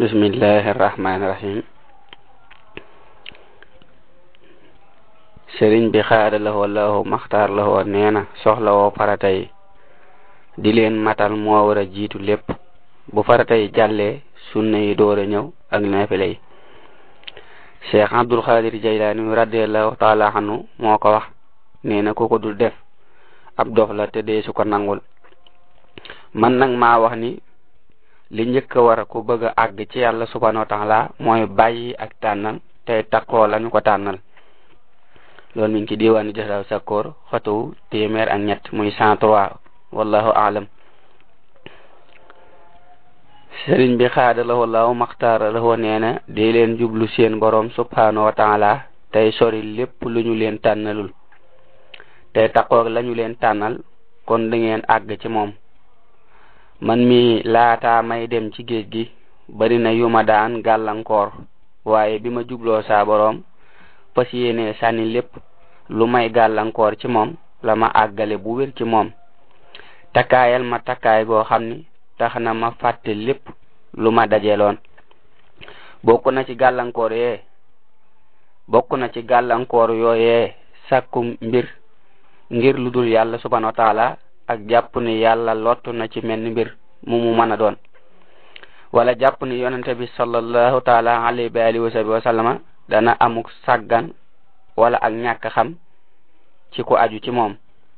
bismillahi rahmaani rahim sëriñ bi xaada lahoo lahoo maxtaar lahoo nee na soxla woo farata di leen matal moo war a jiitu lépp bo farata yi jàllee sunna yi door a ñëw ak naafila yi abdul xaadir jaylaani radiallahu taala anhu moo ko wax nee ko dul def ab dof te dee su ko man nag maa wax li njëkk war ku bëgg a àgg ci yàlla subhanahu wa taala mooy bàyyi ak tànnal tey takkoo lañu ko tànnal loolu mi ngi ci diwaanu jasaw sakkoor xotowu téeméer ak ñett muy cent trois wallahu aalam sëriñ bi xaada lahu laaw maxtaara lahu nee na dee leen jublu seen borom subhanahu wa taala tey sori lépp lu ñu leen tànnalul tey takkoog lañu leen tànnal kon da ngeen àgg ci moom man mi laata may dem ci géej gi bari na yu ma daan gàllankoor waaye bi ma jubloo saa boroom fas yéene sànni lépp lu may gàllankoor ci moom la ma àggale bu wér ci moom takkaayal ma takkaay goo xam ni tax na ma fàtte lépp lu ma dajeeloon bokk na ci gàllankoor yee bokk na ci gàllankoor yooyee sàkku mbir ngir lu dul yàlla subhanahu wa taala ak japp ni yalla lottu na ci menn mbir mu mu mën a doon wala japp ni yonante bi sallallahu taala alayhi wa alihi wa sallama dana amuk sàggan wala ak ñàkk xam ci ku aju ci moom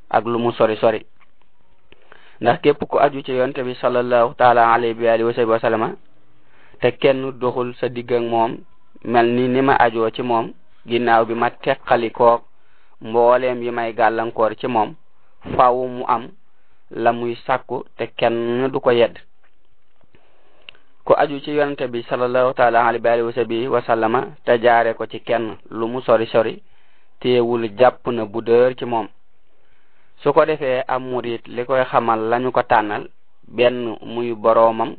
ak lu mu sori sori ndax képp ku aju ci yonante bi sallallahu taala alayhi wa alihi wa sallama te kenn doxul sa digg ak moom mel ni ni ma aju ci moom ginaaw bi ma teqali koog mbooleem yi may gàllankoor ci moom faw mu am la muy sàkku te kenn du ko yedd ko aju ci yonente bi sallallahu taala alayhi wa sahbihi wa te jaare ko ci kenn lu mu sori sori teewul jàpp na bu dër ci moom su ko defee am murit li koy xamal lañu ko tànnal benn muy boroomam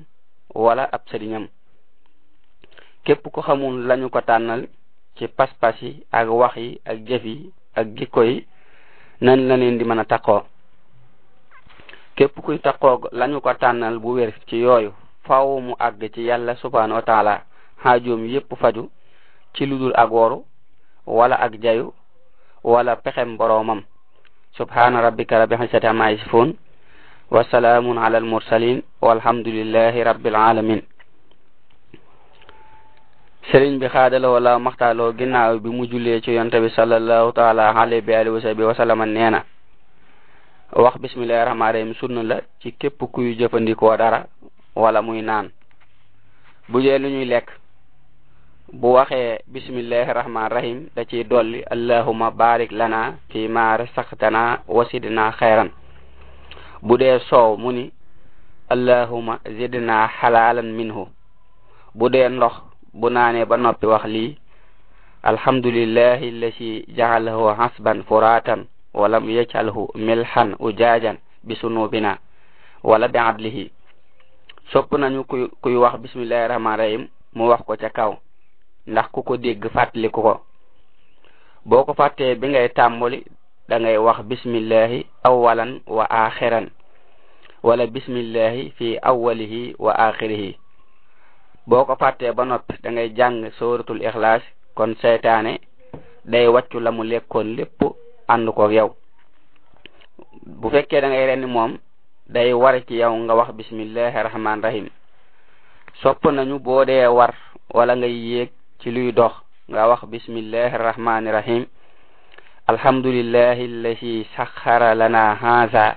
wala ab sëriñam képp ku xamul lañu ko tànnal ci pas-pas yi ak wax yi ak jëf yi ak jikko yi nan la leen di mën a taqoo képp kuy taqoog lañu ko tànnal bu wér ci yooyu faw mu àgg ci yàlla subhanahu wa taala xaajoom yépp faju ci ludul ak woru wala ak jayu wala pexem boroomam subhana rabbika rabbi xisati ama yasifun wa salaamun ala al mursalin walhamdulillahi rabbil alamin sëriñ bi xaadaloo wala maxtaaloo ginnaaw bi mu jullee ci yonte bi sallallahu taala alayhi wa alihi wa sahbihi wa sallama nee wax bismillahi rahmaani rahim sunna la ci képp kuy jëfandikoo dara wala muy naan bu dee lu ñuy lekk bu waxee bismillahi rahmaani rahim da ciy dolli allahuma barik lana fi ma rasaqtana wasidna xayran bu dee soow mu ni allahuma zidna minhu bu dee ndox bu naanee ba noppi wax lii alhamdulillahi allasi jaalahu hasban furatan wala ولم يجعله ملحا أجاجا bisunubina. wala bi adlihi sopp nañu kuy kuy wax bismillahi rahman rahim mu wax ko ca kaw ndax ku ko dégg fàttaliku ko boo ko fàttee bi ngay tàmbali da ngay wax bismillahi awwalan wa axiran wala bismillahi fi awalihi wa axirihi boo ko fàttee ba noppi da ngay jang suratul ixlaas kon seytaane day waccu la mu lekkoon lépp ànd ko yow bu fekkee da ngay rendi moom day war ci yow nga wax bismillahi rahman rahim sopp nañu boo dee war wala ngay yéeg ci luy dox nga wax rahim alhamdulillahi allasi saxara lana haza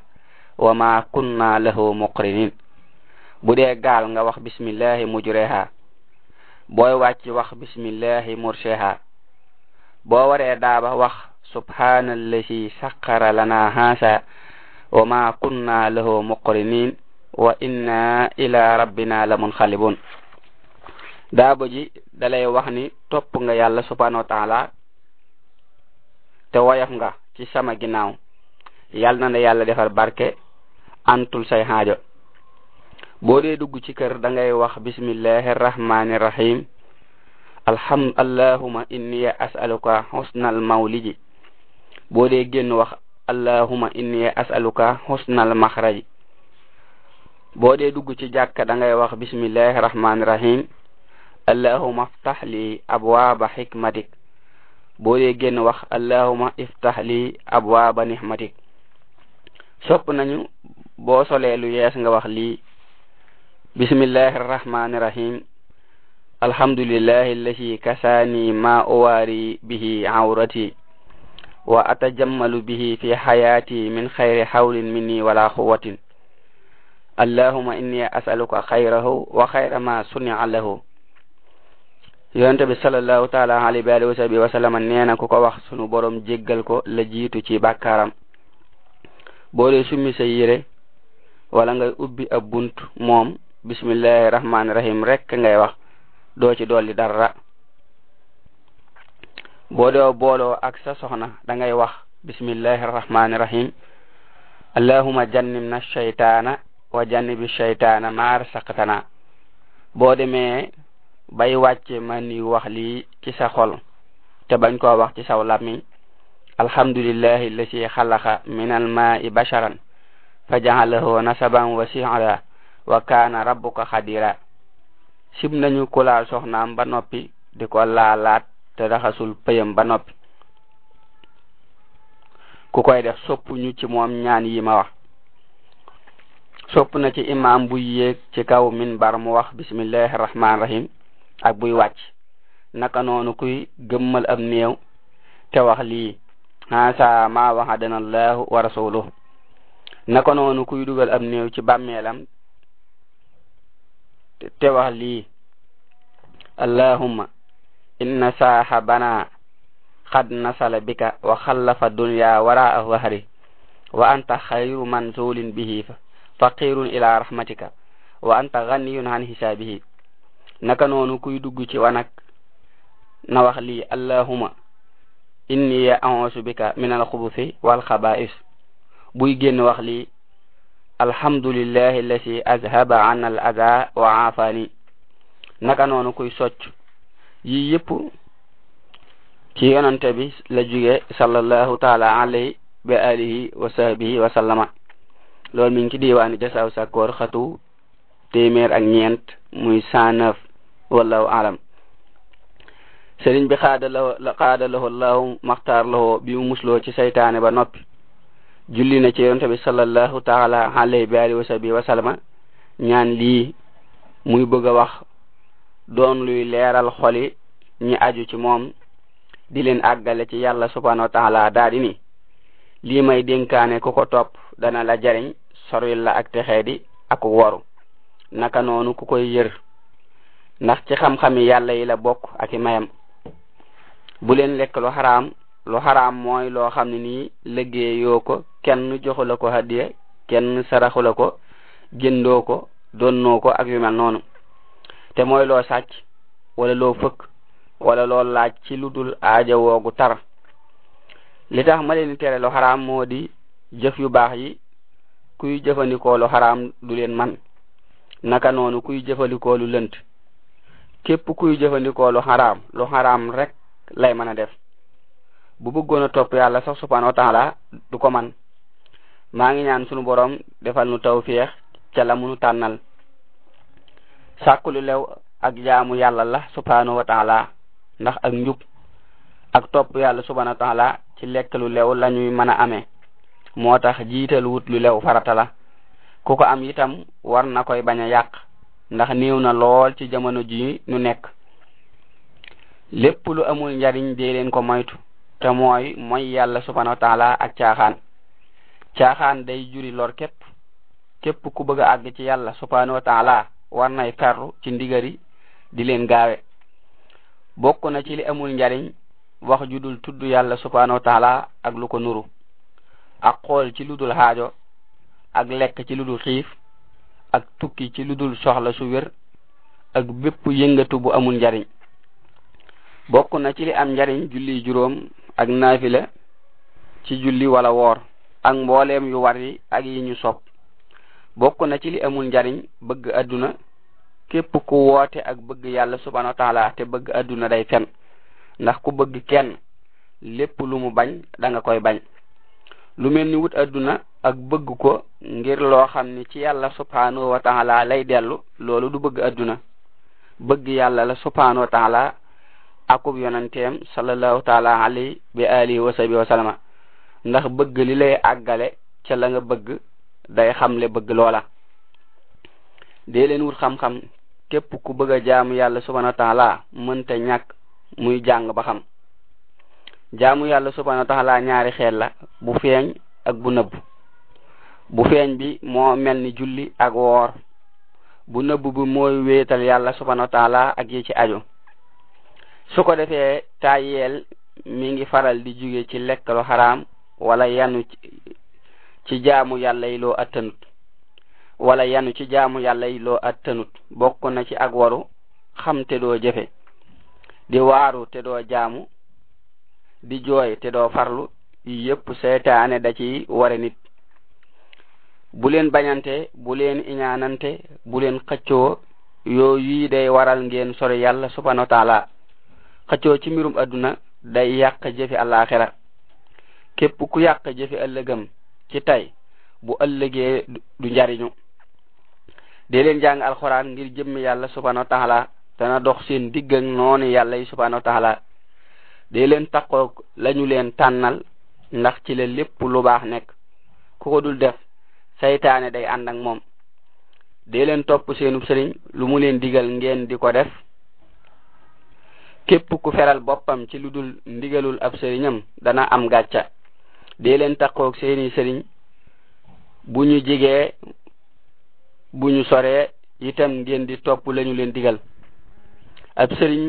wa ma kunna lahu muqrinin bu dee gaal nga wax bismillahi mujreha booy wàcc wax bismillahi mursheha boo waree daaba wax سبحان الذي سخر لنا هذا وما كنا له مقرنين وإنا إلى ربنا لمنقلبون daabo ji dalay wax ni topp nga yalla subhanahu wa taala te woyof nga ci sama ginnaaw yàlla na na yàlla defal barke antul say haajo boo dee dugg ci kër da ngay wax bismillahi rahmani rahim alham allahuma inni as'aluka husnal mawlidi boo dee génn wax allahuma inni asaluka husnal maxraji boo dee dugg ci jàkka da ngay wax bismillahi rahmaani rahim allahuma aftah li abwaaba xikmatik boo dee génn wax allahuma iftah li abwaaba nixmatik sopp nañu boo solee lu yees nga wax lii bismillahi rahmaani rahim alhamdulillahi allati kasaani ma uwaari bihi awrati wa atajammalu bihi fi hayati min khayri hawlin minni wala quwwatin allahumma inni as'aluka khayrahu wa khayra ma suni'a lahu yonte bi sallallahu taala alayhi wa wa sahbihi wa sallam neena na ko wax sunu borom jegal ko la jitu ci bakaram boo dee summi sa yére wala ngay ubbi ab buntu mom bismillahi rahmanir rahim rek ngay wax do ci doli dara bodo bolo ak sa soxna da ngay wax bismillahir rahmanir rahim allahumma jannibna shaytana wa jannibi shaytana ma arsaqtana bo demé bay wàcce man ni wax li ci sa xol te bañ ko wax ci saw làmmiñ alhamdulillahi allati khalaqa min al-ma'i basharan fa nasaban wa si'ala wa kana rabbuka khadira sib nañu kulaal soxnaam ba nopi diko laalat te raxasul pëyam ba noppi ku koy def sopp ñu ci moom ñaan yi ma wax sopp na ci imaam buy yéeg ci kaw min bar mu wax bismillahi rahmaani ak buy wàcc naka noonu kuy gëmmal am néew te wax lii xansa ma waxadana allahu wa rasuluhu naka noonu kuy dugal am néew ci bàmmeelam te wax lii allahumma إن صاحبنا قد نصل بك وخلف الدنيا وراء ظهره وأنت خير منزول به فقير إلى رحمتك وأنت غني عن حسابه نكنو نكوي دوغتي وانك نوخلي اللهم إني أعوذ بك من الخبث والخبائث بوي ген وخلي الحمد لله الذي أذهب عن الأذى وعافاني نكنو نكوي سوتش yi yëpp ci yonante bi la jóge sallallahu taala alayhi wa alihi wa sahbihi wa sallama loolu mi ngi ci diwaani jasaaw sakkoor xatu téeméer ak ñeent muy cent neuf wallahu alam sëriñ bi xaadalao xaadalawoo laahu maxtaar lawoo bi mu musloo ci saytaane ba noppi julli na ci yonante bi sallallahu taala alayhi wa alihi wa sahbihi wa sallama ñaan lii muy bëgg a wax doon luy leeral xoli ñi aju ci moom di leen àggale ci yàlla subhanahu wa taala daa di ni lii may dénkaane ku ko topp dana la jariñ soril la ak texee di ak woru naka noonu ku koy yër ndax ci xam-xami yàlla yi la bokk ak i mayam bu leen lekk lu haram lu haram mooy loo xam ne nii liggéeyoo ko kenn joxu la ko hadiya kenn saraxu la ko jëndoo ko donnoo ko ak yu mel noonu te mooy loo sàcc wala loo fëkk wala loo laaj ci lu dul aaja woogu tar li tax ma leen tere lu xaraam moo di jëf yu baax yi kuy jëfandikoo lu xaraam du leen man naka noonu kuy jëfandikoo lu lënt képp kuy jëfandikoo lu xaraam lu xaraam rek lay mën a def bu bëggoon a topp yàlla sax subhanahu wa taala du ko man maa ngi ñaan sunu borom defal nu tawfiix ca la munu tànnal sàkku lu lew ak jaamu yàlla la subhanahu wa taala ndax ak njub ak topp yàlla subhanahu wa taala ci lekk lu lew la ñuy mën a amee moo tax jiital wut lu lew farata la ku ko am itam war na koy bañ a yàq ndax néew na lool ci jamono ji nu nekk lépp lu amul njariñ dee leen ko moytu te mooy moy yàlla subhanahu wa taala ak caaxaan caaxaan day juri lor képp képp ku bëgg a àgg ci yàlla subhanahu wa taala war nay tarlu ci ndigari di leen gaawe bokk na ci li amul njariñ wax ju dul tudd yàlla subhanahu wa ak lu ko nuru ak xool ci lu dul xaajo ak lekk ci lu dul xiif ak tukki ci lu dul soxla su wér ak bépp yëngatu bu amul njariñ bokk na ci li am njariñ julli juróom ak naafila ci julli walla woor ak mbooleem yu war yi ak yi ñu sopp bokk na ci li amul njariñ bëgg aduna képp ku woote ak bëgg yàlla subhanahu wa taala te bëgg aduna day fen ndax ku bëgg kenn lépp lu mu bañ da nga koy bañ lu mel ni wut aduna ak bëgg ko ngir loo xam ni ci yàlla subhanahu wa taala lay dellu loolu du bëgg aduna bëgg yàlla la subhanahu wa taala akub yonanteem sallallahu taala alayhi bi alihi wa sahbihi wa sallama ndax bëgg li lay àggale ca la nga bëgg day xamle bëgg loola dee leen wut xam-xam képp ku bëgg a jaamu yàlla subhanahu wa mënta ñàkk muy jàng ba xam jaamu yàlla subhanahu ñaari xeet la bu feeñ ak bu nëbb bu feeñ bi moo mel ni julli ak woor bu nëbb bi mooy wéetal yàlla subhanahu ak yi ci aju su ko defee tayyeel mi ngi faral di jóge ci lekk lu xaraam wala yanu ci jaamu yàlla yi loo attanut wala yanu ci jaamu yàlla yi loo attanut bokk na ci ak waru xam te doo jëfe di waaru te doo jaamu di jooy te doo farlu yépp seytaane da ci ware nit bu leen bañante bu leen iñaanante bu leen xëccoo yooyu yi day waral ngeen sori yàlla subhanahu wa taala xëccoo ci mbirum adduna day yàq jëfi àllaaxira képp ku yàq jëfi ëllëgam ci tey bu ëllëgee du njariñu dee leen jàng alxuraan ngir jëmm yàlla subhanahu wa dana dox seen digg ak noonu yàlla yi subhanahu wa dee leen takkook lañu leen tànnal ndax ci la lépp lu baax nekk ku ko dul def seytaane day ànd moom dee leen topp seenu sëriñ lu mu leen digal ngeen di ko def képp ku feral boppam ci lu dul ndigalul ab sëriñam dana am gàcca dee leen taqoog seeni sëriñ bu ñu jigee bu ñu soree itam ngeen di topp lañu leen digal ab sëriñ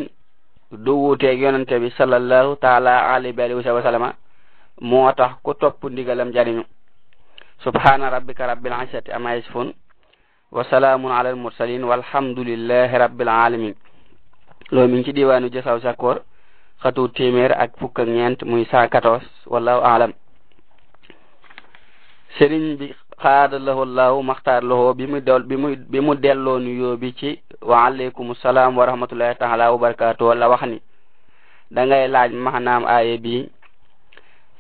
du wuuteeg yonante bi sallallahu taala alayhi wa sallam moo tax ku topp ndigalam jariñu subhana rabbika rabbil izzati amma yasifun wa salaamun ala al mursalin walhamdulillahi rabbil alamin loolu mi ci diwanu jasaw sakoor xatu temer ak fukk ak ñeent muy cent quatorze wallahu alam sëriñ bi xaada lahu allahu maxtaar lahu bi mu del bi mu bi mu delloo nuyoo bi ci wa aleykum salaam wa rahmatullahi taala wa barakaatu la wax ni da ngay laaj maanaam aaye bi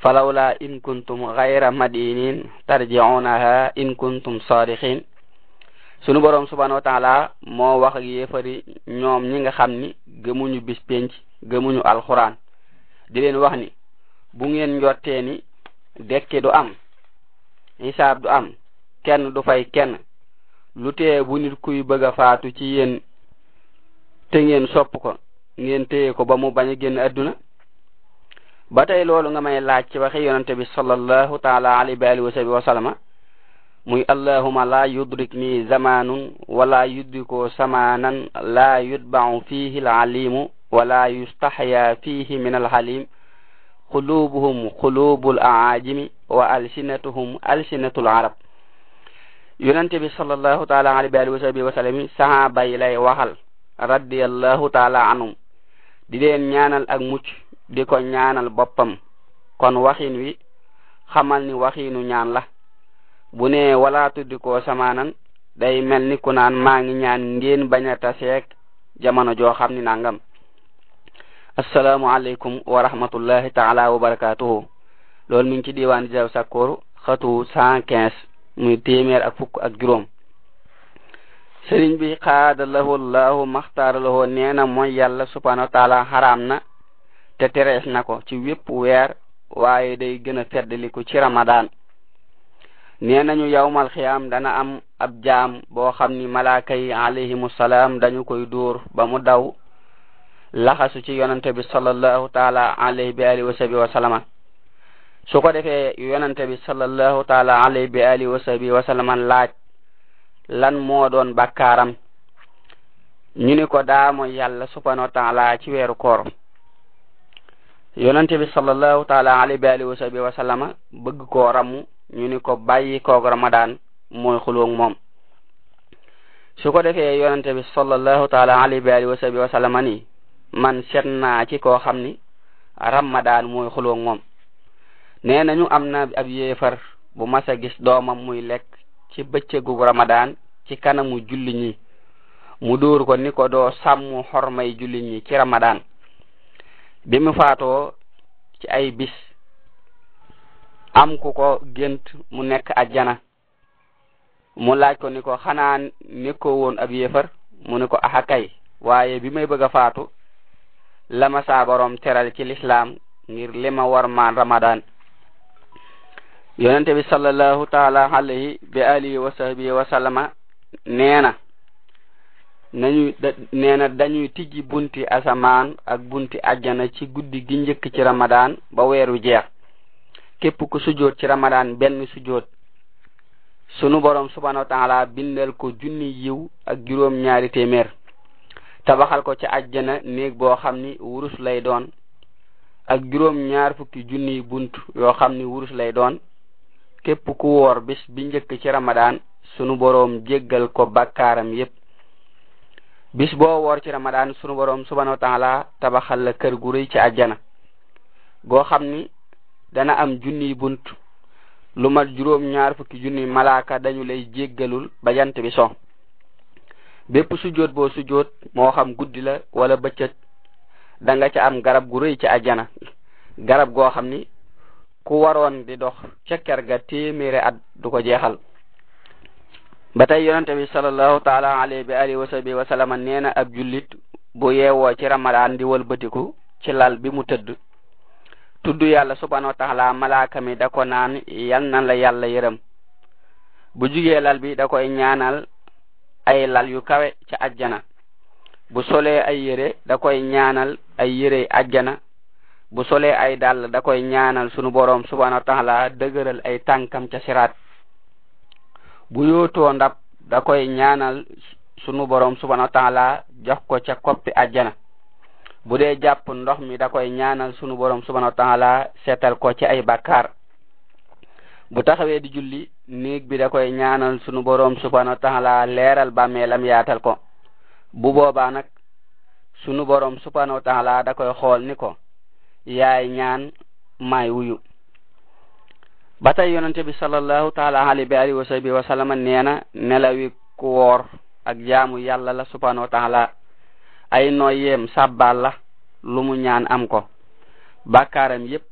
falawla in kuntum gayra madinin tarjiunaha in kuntum sadiqin sunu borom subhanahu wa taala moo wax ak yéefari ñoom ñi nga xam ni gëmuñu bis penc gëmuñu alxuraan di leen wax ni bu ngeen njottee ni dekke du am hisab du am kenn du fay kenn lu tee bu nit kuy bëgg a faatu ci yéen te ngeen sopp ko ngeen téye ko ba mu bañ a génn adduna ba tey loolu nga may laaj ci waxe yonante bi salallahu taala alayhi wa alihi wa sabi wa muy allahuma la yudrik ni zamanun wala yudriko samanan la yutba'u fihi alalimu wala yustahya fihi min alhalim qulubuhum qulubul aajimi wa alsinatuhum alsinatul arab yonente bi sallallahu taala alayhi wa alihi wa sahbihi wa sallam sahaba yi lay waxal radiyallahu taala anhum di leen ñaanal ak mucc di ko ñaanal boppam kon waxin wi xamal ni waxinu ñaan la bu ne wala tuddi ko samaanan day mel ni ku naan maa ngi ñaan ngeen bañ a taseeg jamono joo xam ni nangam assalaamu alaykum wa rahmatullahi taala wa barakatuhu loolu mi ngi ci diwaan jaw sakoru xatu cent quinze muy témèr ak fukk ak juroom sëriñ bi xaada lahu allah makhtar lahu neena na yalla subhanahu wa taala xaraam na te teres na ko ci wépp wer waaye day gën a feddali ko ci ramadaan nee nañu yawmal xiyaam dana am ab jaam boo xam ni malaaka yi alayhimu salaam dañu koy dóor ba mu daw laxasu ci yonante bi sallallahu taala alayhi bi alihi wa sabi wa salama su ko defee yonante bi sallallahu taala alayhi bi alihi wa sahbihi wa sallam laaj lan moo doon bakkaaram ñu ni ko daa mooy yàlla subhanahu wa taala ci weeru koor yonante bi sallallahu taala alayhi bi alihi wa sahbihi wa sallama bëgg koo ramu ñu ni ko bàyyi koog ramadan mooy xulóog moom su ko defee yonante bi sallallahu taala alayhi bi alihi wa sahbihi wa sallama ni man seet naa ci koo xam ni ramadan mooy xulóog moom nee nañu am na ab yéefar bu mas a gis doomam muy lekk ci bëccëgu ramadaan ci kanamu julli ñi mu dóor ko ni ko doo sàmm xormay julli ñi ci ramadaan bi mu faatoo ci ay bis am ku ko gént mu nekk ajjana mu laaj ko ni ko xanaa nekkoo woon ab yéefar mu ni ko axa kay waaye bi may bëgg a faatu la saa borom teral ci lislaam ngir li ma war maan ramadaan yonente bi sallallahu taala alayhi bi alihi wa sahbihi wa sallama nee na nañu nee dañuy tijji bunti asamaan ak bunti ajjana ci guddi gi njëkk ci ramadaan ba weeru jeex képp ku sujoot ci ramadaan benn sujoot sunu borom subhanahu wa taala bindal ko junni yiw ak juróom ñaari téeméer tabaxal ko ci ajjana néeg boo xam ni wurus lay doon ak juróom ñaar fukki junni bunt yoo xam ni wurus lay doon képp ku woor bis bi njëkk ci ramadan sunu boroom jéggal ko bakkaaram yépp bis boo woor ci ramadan sunu boroom subhanahu wa taala tabaxal la kër gu rëy ci àjjana goo xam ni dana am junniy bunt lu mat juróom ñaar fukki junniy malaaka dañu lay jéggalul ba jant bi so bépp sujjóot boo sujjóot moo xam guddi la wala bëccëg da nga ca am garab gu rëy ci àjjana garab goo xam ni ku waroon di dox ca ker ga téeméeri at du ko jeexal ba tey yonente bi salallahu taala alayhi bi alihi wa sahbi wa nee na ab jullit bu yeewoo ci ramadaan di wëlbatiku ci lal bi mu tëdd tudd yàlla subhanahu wa taala malaaka mi da ko naan yal nan la yàlla yërëm bu jugee lal bi da koy ñaanal ay lal yu kawe ca ajjana bu solee ay yére da koy ñaanal ay yére ajjana bu solee ay dàll da koy ñaanal sunu boroom subhanahu wa taala dëgëral ay tànkam ca siraat bu yootoo ndab da koy ñaanal sunu boroom subhanahu wa taala jox ko ca koppi ajjana bu dee jàpp ndox mi da koy ñaanal sunu boroom subhanahu wa taala seetal ko ci ay bakkaar bu taxawee di julli néeg bi da koy ñaanal sunu boroom subhanahu wa taala leeral bàmmeelam yaatal ko bu boobaa nag sunu boroom subhanahu wa taala da koy xool ni ko yaay ñaan maay wuyu ba tey yonente bi salallahu taala ali bi alihi wa sahbi wa sallama nee na nelawi ku wor ak jaamu yalla la subhanahu wa taala ay noyeem sàbbaal la lu mu ñaan am ko bàkkaaram yépp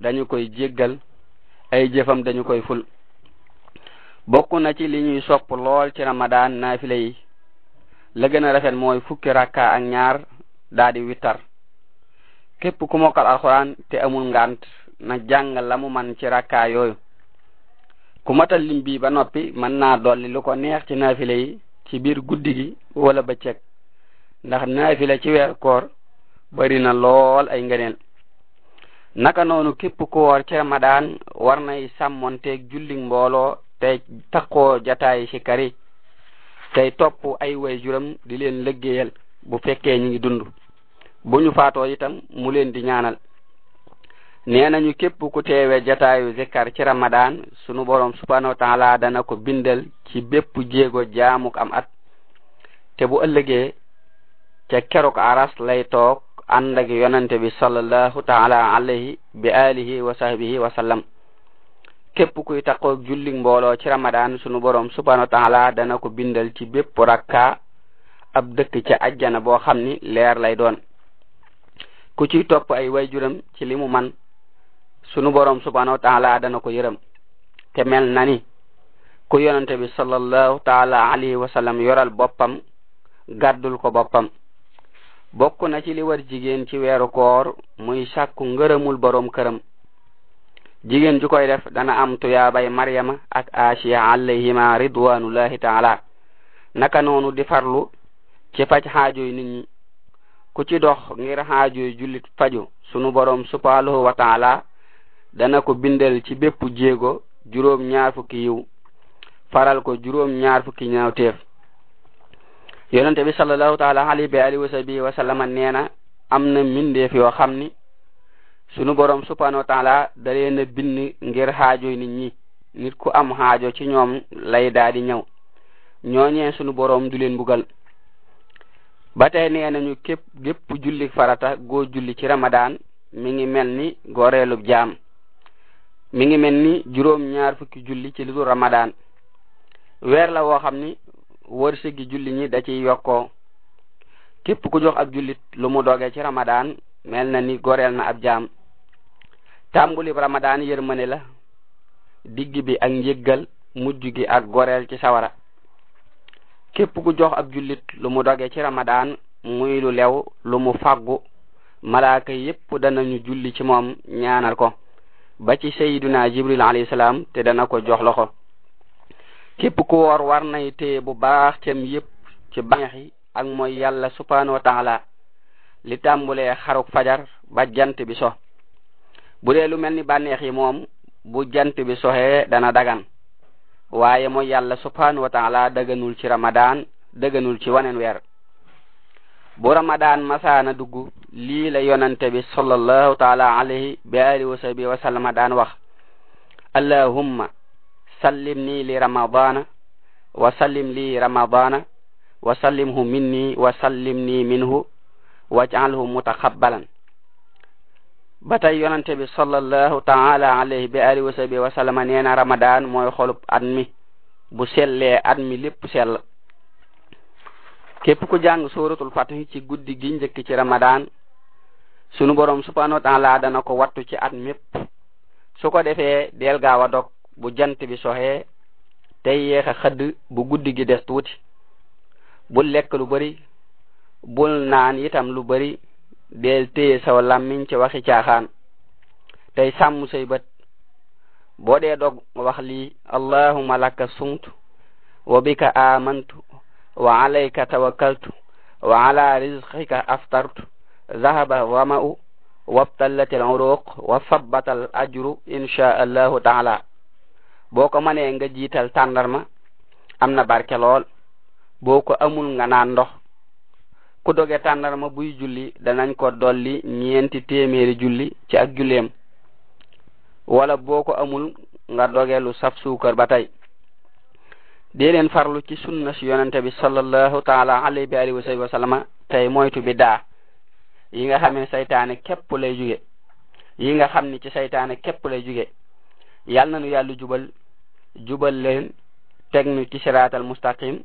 dañu koy jéggal ay jëfam dañu koy ful bokk na ci li ñuy sopp lool ci ramadan naafile yi la gën a rafet mooy fukki rakka ak ñaar daa di wittar képp ku mokal alxuraan te amul ngant na jàng lamu man ci rakkaa yooyu ku matal lim bi ba noppi mën naa dolli lu ko neex ci naafile yi ci biir guddi gi wala bëccëg ndax naafile ci weer koor bari na lool ay ngeneel naka noonu képp ku woor ci ramadaan war nay sàmmonteeg julli mbooloo te takkoo jataay si kari tey topp ay way juram di leen lëggéeyal bu fekkee ñi ngi dund buñu faato itam mu leen di ñaanal neenañu képp ku teewe jataayu zikkar ci ramadaan sunu borom subhanahu wa ta'ala dana ko bindal ci bépp jéego jaamuk am at te bu ëllëgee ca kerok aras lay toog ànd ak yonante bi sallallahu ta'ala alayhi bi alihi wa sahbihi wa sallam képp kuy taqoo julli mbooloo ci ramadaan sunu borom subhanahu wa ta'ala dana ko bindal ci bépp rakka ab dëkk ca ajjana boo xam ni leer lay doon ku ci topp ay wayjuram ci limu man sunu borom subhanahu wa taala dana ko yërëm te mel na ni ku yonante bi sallallahu taala alayhi wa sallam yoral boppam gaddul ko boppam bokku na ci li war jigen ci weeru koor muy shakku ngeeramul borom këram jigen ju koy def dana am bay maryama ak asiya alayhima ridwanullahi taala naka nonu di farlu ci faj haajo nit ñi ku ci dox ngir xaaju jullit faju sunu borom subhanahu wa ta'ala dana ko bindal ci bépp jéego juróom ñaar fukki yiw faral ko juróom ñaar fukki ñaawteef yonente bi sallallahu ta'ala alayhi bi alihi wa sahbihi wa sallam neena amna mindeef yoo xam ni sunu borom subhanahu wa ta'ala da leen a bind ngir xaajoy nit ñi nit ku am xaajo ci ñoom lay daal di ñëw ñooñee sunu borom du leen bugal ba tey nee nañu képp gépp julli farata goo julli ci ramadan mi ngi mel ni gooreelub jaam mi ngi mel ni juróom ñaar fukki julli ci lidu ramadan weer la woo xam ni gi julli ñi da ciy yokkoo képp ku jox ab jullit lu mu dogee ci ramadan mel na ni goreel na ab jaam tàmbulib ramadan yërmane la digg bi ak njëggal mujj gi ak goreel ci sawara képp ku jox ab jullit lu mu doge ci ramadaan muy lu lew lu mu faggu malaaka dana danañu julli ci moom ñaanal ko ba ci sayyiduna jibril alayhi te dana ko jox loxo képp ku woor war nay téye bu baax cem yépp ci bànneexi ak mooy yàlla subhanahu wa li tàmbulee xaruk fajar ba jant bi so bu dee lu mel ni bànneex yi moom bu jant bi soxee dana dagan waaye mooy yàlla subhanahu wa taala dëgganul ci ramadan dëgganul ci waneen weer bu ramadan masaana dugg lii la yonante bi sallallahu taala alayhi bi alihi wa sahbi wa sallama daan wax allahumma sallim ni li ramadana wa sallim li ramadana wa sallimhu minni wa sallim nii minhu waj'alhu mutaqabbalan ba tey yonante bi sallallahu taala alayhi bi alihi wa sahbi wa sallama nee na ramadan mooy xolub at mi bu sellee at mi lépp sell képp ku jàng suratul fatihi ci guddi gi njëkk ci ramadan sunu borom subhanahu wa taala dana ko wattu ci at mépp su ko defee del gaaw a dog bu jant bi soxee tey yéex a xëdd bu guddi gi des tuuti bul lekk lu bari bul naan itam lu bari del téye saw làmmiñ ci waxi caaxaan tey sàmm say bët boo dee dog wax lii allahuma laka sumtu wa bika amantu wa alayka tawakkaltu wa ala rizqika aftartu dhahaba dhama'u wabtallat al uruq wa sabbata al ajru insha allah taala boko ko nga jital tandarma amna na barke lool boo amul nga naan ndox ku doge tàndarma buy julli danañ ko dolli ñeenti téeméeri julli ci ak julleem wala boo ko amul nga doge lu saf suukar ba tey dee leen farlu ci sunna si yonente bi sallallahu taala alayhi bi alihi wa sahbihi wa sallama tey moytu bi daa yi nga xam ne saytaane képp lay juge yi nga xam ni ci saytaane képp lay juge yàlla na nu yàlla jubal jubal leen teg nu ci siraatal mustaqim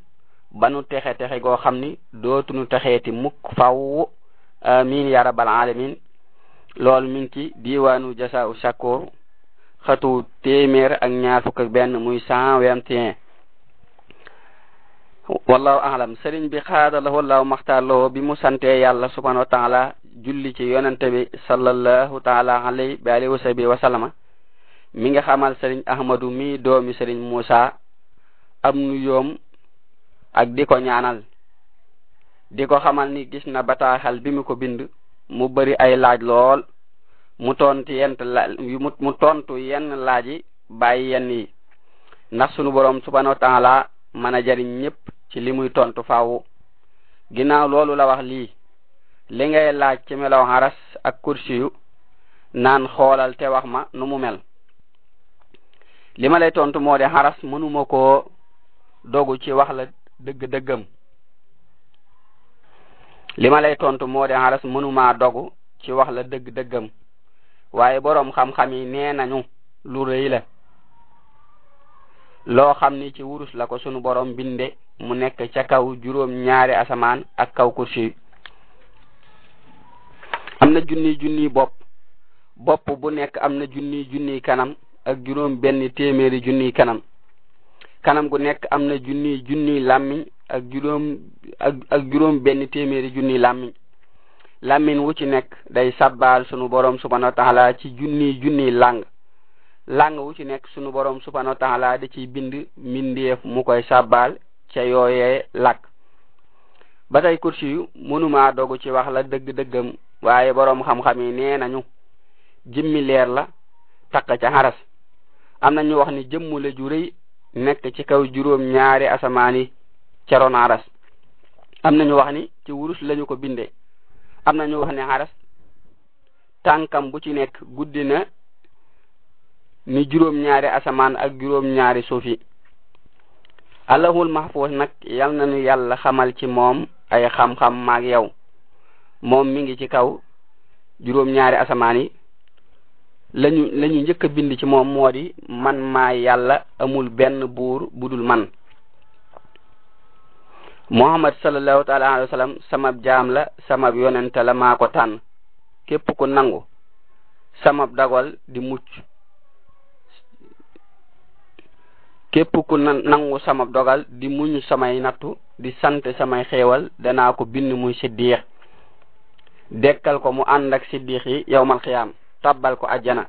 ba nu texe texe goo xam ni dootuñu texeeti mukk faww amin ya rabbal alamin loolu min ngi ci diwaanu jasaa'u shakoor xatu téeméer ak ñaar fukk ak benn muy cent vingt et un wallahu alam sëriñ bi xaada la wallahu maxtaar loo bi mu santee yàlla subhanahu wa taala julli ci yonente bi sallallahu taala alay bi alihi wa sahbi wa sallama mi nga xamal sëriñ ahmadu mi doomi sëriñ muusa am nu yoom ak di ko ñaanal di ko xamal ni gis na bataaxal bi mu ko bind mu bari ay laaj lool mu tontu yent mu tontu yenn laaj yi bàyyi yenn yi ndax sunu borom subhanahu wa taala mën a jariñ ñépp ci li muy tontu faawu ginnaaw loolu la wax lii li ngay laaj ci melaw xaras ak kursi yu naan xoolal te wax ma nu mu mel li ma lay tontu moo di xaras mënuma koo dogu ci wax la dëgg-dëggam li lay tontu moo de xaras mënumaa dogu ci wax la dëgg-dëggam waaye boroom xam-xam yi nee nañu lu rëy la loo xam ni ci wurus la ko sunu borom binde mu nekk ca kaw juróom ñaari asamaan ak kaw kursi am na junni junni bopp bopp bu nekk am na junni junni kanam ak juróom benn téeméeri junni kanam kanam gu nekk am na junni junni làmmiñ ak juróom ak ak juróom benn téeméeri junniy làmmiñ làmmiñ wu ci nekk day sabbaal sunu borom subhanahu wa taala ci junni junni làng làng wu ci nekk sunu borom subhanahu wa taala da ciy bind mbindeef mu koy sabbaal ca yooyee làkk ba tey kursi yu mënumaa dogu ci wax la dëgg-dëggam waaye borom xam-xam yi nee nañu jëmmi leer la takk ca xaras am na ñu wax ni jëmmu la ju rëy nekk ci kaw juróom ñaari asamaan yi ceroon aras am nañu wax ni ci wurus lañu ko bindee am na ñu wax ni aras tànkam bu ci nekk guddi na ni juróom ñaari asamaan ak juróom ñaari suuf yi allahul mahfuus nag yal na nu yàlla xamal ci moom ay xam-xam maag yow moom mi ngi ci kaw juróom ñaari asamaan yi lañu la njëkk a bind ci moom moo di man maa yàlla amul benn buur bu dul man muhammad sallallahu taala alayhi wa sallam samab jaam la samab yonente la maa ko tànn képp ku nangu samab dogal di mucc képp ku nangu samab dogal di muñ samay nattu di sant samay xéewal danaa ko bind muy siddiix dekkal ko mu ànd ak siddiix yi yowmal xiyaam tabbal ko ajjana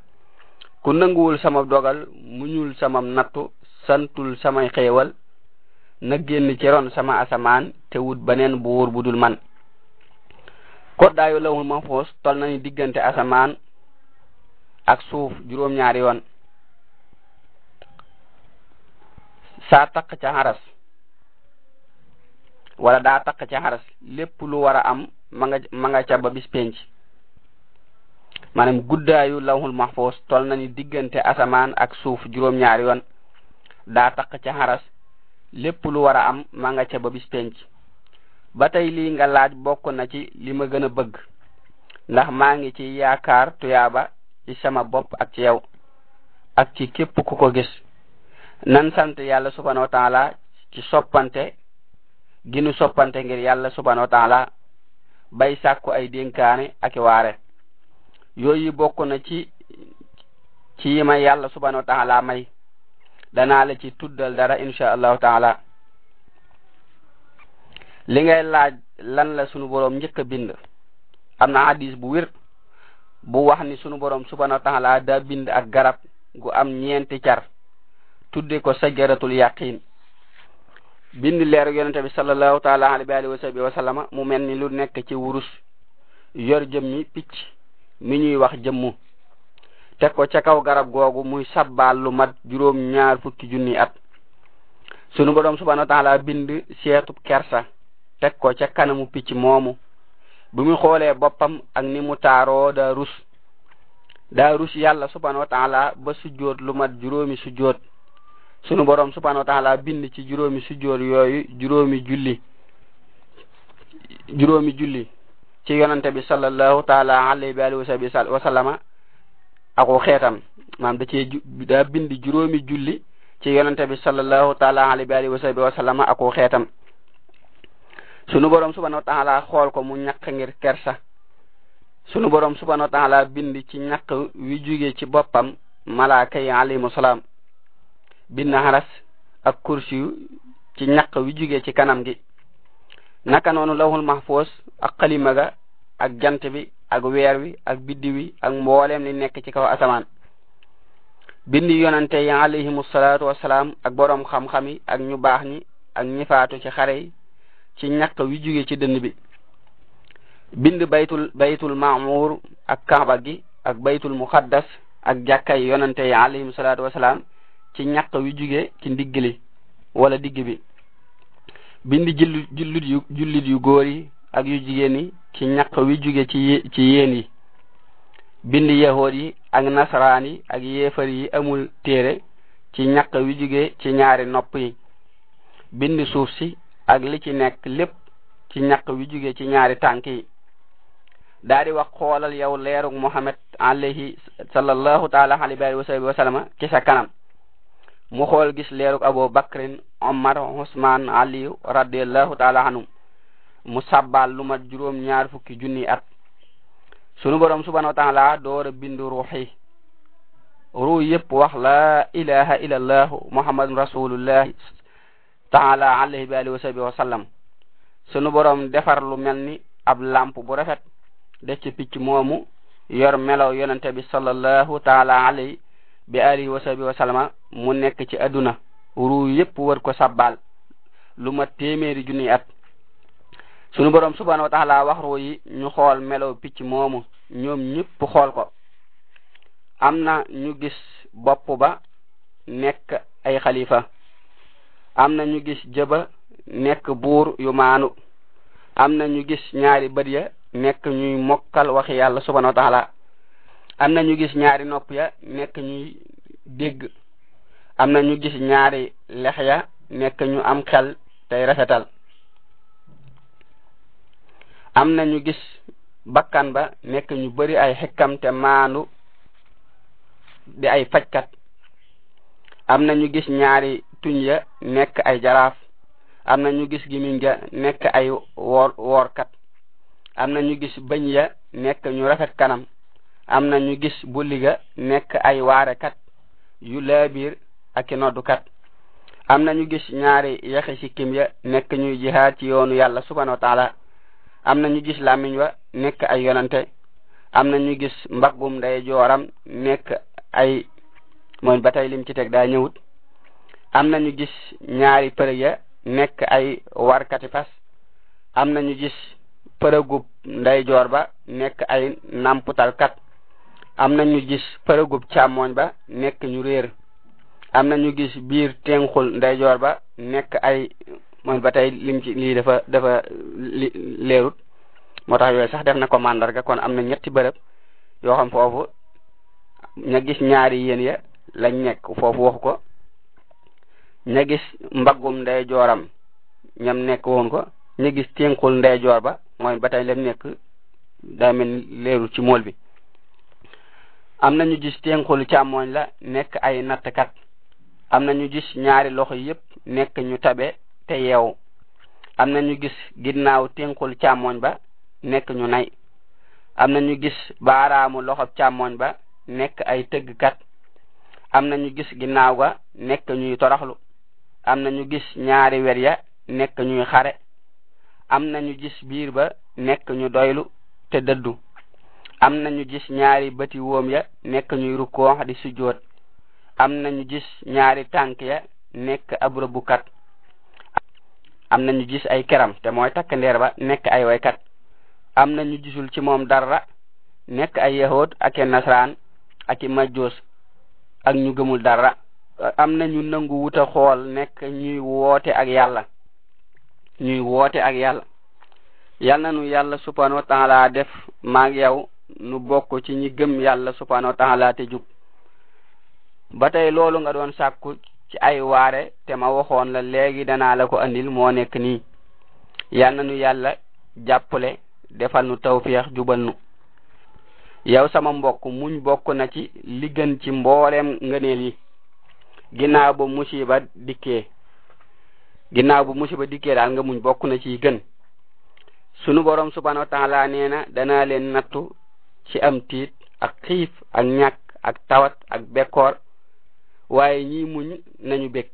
ku nanguwul sama dogal muñul sama nattu santul sama xewal na genn ci ron sama asamaan te wut beneen bu wóor bu dul man koddaayu lawul fos tol na ni diggante asamaan ak suuf juróom ñaari yoon saa takk ca xaras wala daa takk ca xaras lépp lu war a am ma nga ma nga ca ba bis penc manam guddaayu lawhul mahfuz tol nañu diggante asamaan ak suuf juróom ñaari yoon daa taq ca haras lépp lu war a am ma nga ca ba bis penc ba tey lii nga laaj bokk na ci li ma gën a bëgg ndax maa ngi ci yaakaar tuyaaba ci sama bopp ak ci yow ak ci képp ku ko gis nan sant yàlla subhanahu wa taala ci soppante ginu soppante ngir yàlla subhanahu wa taala bay sàkku ay dénkaane ak waare yooyu bokk na ci ci yi ma yàlla subhanahu wa taala may danaa la ci tuddal dara insha allahu taala li ngay laaj lan la sunu borom njëkk bind am na hadis bu wér bu wax ni sunu borom subhanahu wa taala da bind ak garab gu am ñeenti car tudde ko sajaratul yaqin bind leer yonente bi sallallahu taala alayhi wa sallam mu mel ni lu nekk ci wurus yor jëm mi picc mi ñuy wax jëmmu teg ko ca kaw garab googu muy sabbaal lu mat juróom ñaar fukki junni at sunu borom subhanahu wa taala bind seetub kersa teg ko ca kanamu picc moomu bu mu xoolee boppam ak ni mu taaroo daa rus daa rus yàlla subhanahu wa taala ba sujjoot lu mat juróomi sujjoot sunu borom subhanahu wa taala bind ci juróomi sujjoot yooyu juróomi julli juróomi julli ci yonante bi sallallahu taala alayhi wa alihi wa sallama aku xetam maam da ci daa bindi juromi julli ci yonante bi sallallahu taala alayhi wa alihi wa sallama aku xetam. sunu borom subhanahu wa taala xol ko mu ñak ngir kersa sunu borom subhanahu wa taala bindi ci ñak wi jóge ci boppam malaika yi alayhi salaam bin xaras ak kursi ci ñak wi jóge ci kanam gi naka noonu lawhul mahfuz ak kalima ga ak jant bi ak weer wi ak bidd wi ak mboolem li nekk ci kaw asamaan bind yonante yi alayhimu salaatu wasalaam ak boroom xam-xam yi ak ñu baax ñi ak ñi ci xare yi ci ñaxta wi jóge ci dënn bi bind baytul baytul maamur ak kaaba gi ak baytul muqaddas ak jàkkay yonante yi alayhimu salaatu wasalaam ci ñaxta wi jóge ci ndigg li wala digg bi bindi jullit yu jullit yu góor yi ak yu jigéen yi ci ñaq wi jóge ci ci yéen yi bind yahood yi ak nasaraan yi ak yéefar yi amul téere ci ñaq wi jóge ci ñaari nopp yi bind suuf si ak li ci nekk lépp ci ñaq wi jóge ci ñaari tànk yi daa di wax xoolal yow leerug Muhammad alayhi sallallahu taala alayhi wa sallam ci sa kanam mu xool gis leeru abo bakrin omar usman ali radiallahu taala anum mu sàbbaal lu mat juróom ñaar fukki junni at sunu borom subhanahu wa taala door a bind ruuxi ruu yépp wax la ilaha illa allah muhammadu rasulullahi taala alayhi bialihi wa sabi wasallam sunu borom defar lu mel ni ab lamp bu rafet dec ci picc moomu yor melaw yonente bi sal allahu taala alayhi bi alihi wa sahbi mu nekk ci adduna ruu yépp war ko sabbal lu ma téeméeri junniy at sunu borom subhanahu wa taala wax ruu yi ñu xool melow picc moomu ñoom ñëpp xool ko am na ñu gis bopp ba nekk ay xalifa am na ñu gis jëba nekk buur yu maanu am na ñu gis ñaari bët ya nekk ñuy mokkal waxi yàlla subhanahu wa am na ñu gis ñaari nopp ya nekk ñuy dégg am na ñu gis ñaari lex ya nekk ñu am xel tey rafetal am na ñu gis bakkan ba nekk ñu bari ay xekkam te maandu di ay fajkat am na ñu gis ñaari tuñ ya nekk ay jaraaf am na ñu gis gimiñ ga nekk ay woor woorkat am na ñu gis bañ ya nekk ñu rafet kanam am na ñu gis bulli ga nekk ay waarekat yu laabiir ak i noddukat am na ñu gis ñaari yaxi sikkim ya nekk ñuy jihaad ci yoonu yàlla subhanahu wa taala am na ñu gis làmmiñ wa nekk ay yonante am na ñu gis mbaggum day jooram nekk ay mooy ba tey lim ci teg daa ñëwut am na ñu gis ñaari përëg ya nekk ay warkati fas am na ñu gis përëgub ndey joor ba nekk ay namputalkat am na ñu gis përëgub càmmoñ ba nekk ñu réer am na ñu gis biir tenxul ndeyjoor ba nekk ay mooy ba tey lim ci lii dafa dafa li leerut moo tax yooyu sax def na ko mandarga kon am na ñetti bërëb yoo xam foofu ña gis ñaari yéen ya lañ nekk foofu waxu ko ña gis mbaggum ndeyjooram ñam nekk woon ko ña gis tenxul ndeyjoor ba mooy ba tey lam nekk daa mel leerut ci mool bi am na ñu gis tenqulu càmmooñ la nekk ay nattkat am na ñu gis ñaari loxo yépp nekk ñu tabe te yeewu am na ñu gis ginnaaw tenqul càmmooñ ba nekk ñu nay am na ñu gis baaraamu loxo càmmooñ ba nekk ay tëggkat am na ñu gis ginnaaw ga nekk ñuy toraxlu am na ñu gis ñaari wer ya nekk ñuy xare am na ñu gis biir ba nekk ñu doylu te dëddu am nañu gis ñaari bëti woom ya nekk ñuy rukkoox di sujjoot am nañu gis ñaari tànk ya nekk ab rëbbukat am nañu gis ay keram te mooy takkandeer ba nekk ay waykat am nañu gisul ci moom dara nekk ay yahood ak i nasraan ak majjoos ak ñu gëmul dara am nañu nangu wuta xool nekk ñuy woote ak yàlla ñuy woote ak yàlla yal nu yàlla subhanahu wa taala def maag yow nu bokk ci ñi gëm yàlla subhanahu wa taala te jub ba tey loolu nga doon sàkku ci ay waare te ma waxoon la léegi danaa la ko andil moo nekk nii yal na nu yàlla jàppale defal nu tawfiix jubal nu yow sama mbokk muñ bokk na ci li gën ci mbooleem ngëneel yi ginnaaw ba musiba dikkee ginnaaw bu musiba dikkee daal nga muñ bokk na ci gën sunu borom subhanahu wa taala nee na danaa leen nattu ci am tiit ak xiif ak ñàkk ak tawat ak bekkoor waaye ñi muñ nañu bég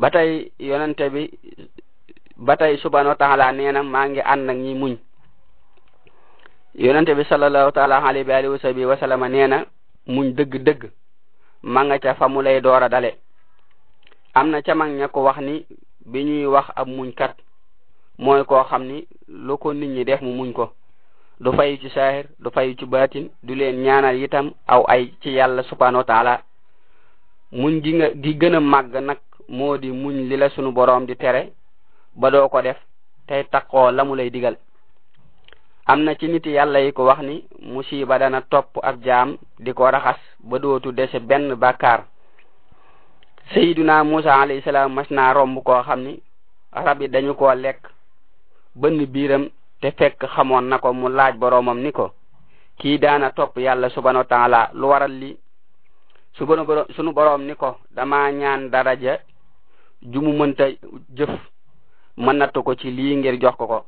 ba tey yonante bi ba tey subhanahu wa taala nee na maa ngi ànd ak ñi muñ yonante bi sallallahu taala alayhi wa alihi wa sahbihi wa sallama nee na muñ dëgg-dëgg ma nga ca fa mu lay door a dale am na ca mag ña ko wax ni bi ñuy wax ab kat mooy koo xam ni lu ko nit ñi def mu muñ ko du fayu ci saahir du fayu ci baatin du leen ñaanal itam aw ay ci yàlla subhanahu wa taala muñ gi nga gi gën a màgg nag moo di muñ li la sunu boroom di tere ba doo ko def tey taqoo la mu lay digal am na ci nit yàlla yi ko wax ni musiba dana topp ab jaam di ko raxas ba dootu dese benn bàkkaar sayiduna Musa alayhi salaam mas naa romb koo xam ni rab yi dañu koo lekk bënn biiram te fekk xamoon na ko mu laaj boroomam ni ko kii daana topp yàlla subhanahu wa taala lu waral li subana sunu boroom ni ko dama ñaan daraja ju mu mënta jëf mën nattu ko ci lii ngir jox ko ko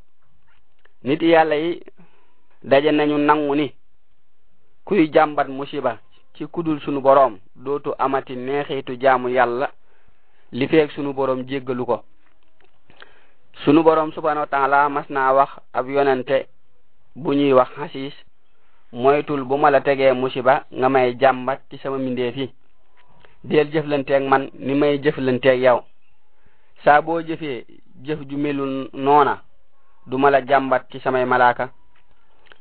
nit yàlla yi daje nañu nangu ni kuy jàmbat musiba ci kudul sunu borom dootu amati neexitu jaamu yàlla li feek sunu boroom jéggalu ko sunu borom subhanahu wa taala masna wax ab yonante bu ñuy wax hasis moytul bu ma la tege musiba nga may jambat ci sama minde yi del ak man ni may ak yaw sa bo jëfee jëf ju melul nona du ma la ci samay malaka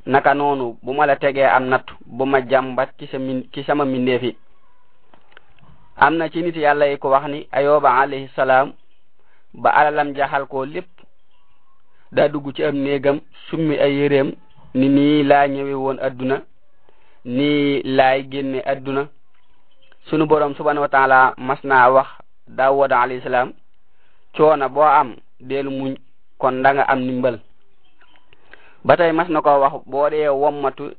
naka nonu bu ma la tegee am nat bu ma jambat ci sama min ci sama minde yi am na ci nit yalla yi ko wax ni ayyuba alayhi salaam ba alalam ja ko lepp daa dugg ci am negam summi ay yereem ni nii la ñewé won aduna nii lay génné aduna sunu borom subhanahu wa taala masna wax dawud alayhi salam coono bo am delu muñ kon da nga am nimbal ba tey mas na ko wax bo de wommatu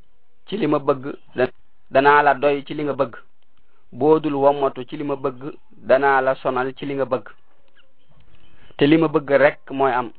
ci lima ma bëgg dana la doy ci li nga bëgg boo dul ci lima ma bëgg dana la sonal ci li nga bëgg te li ma bëgg rek mooy am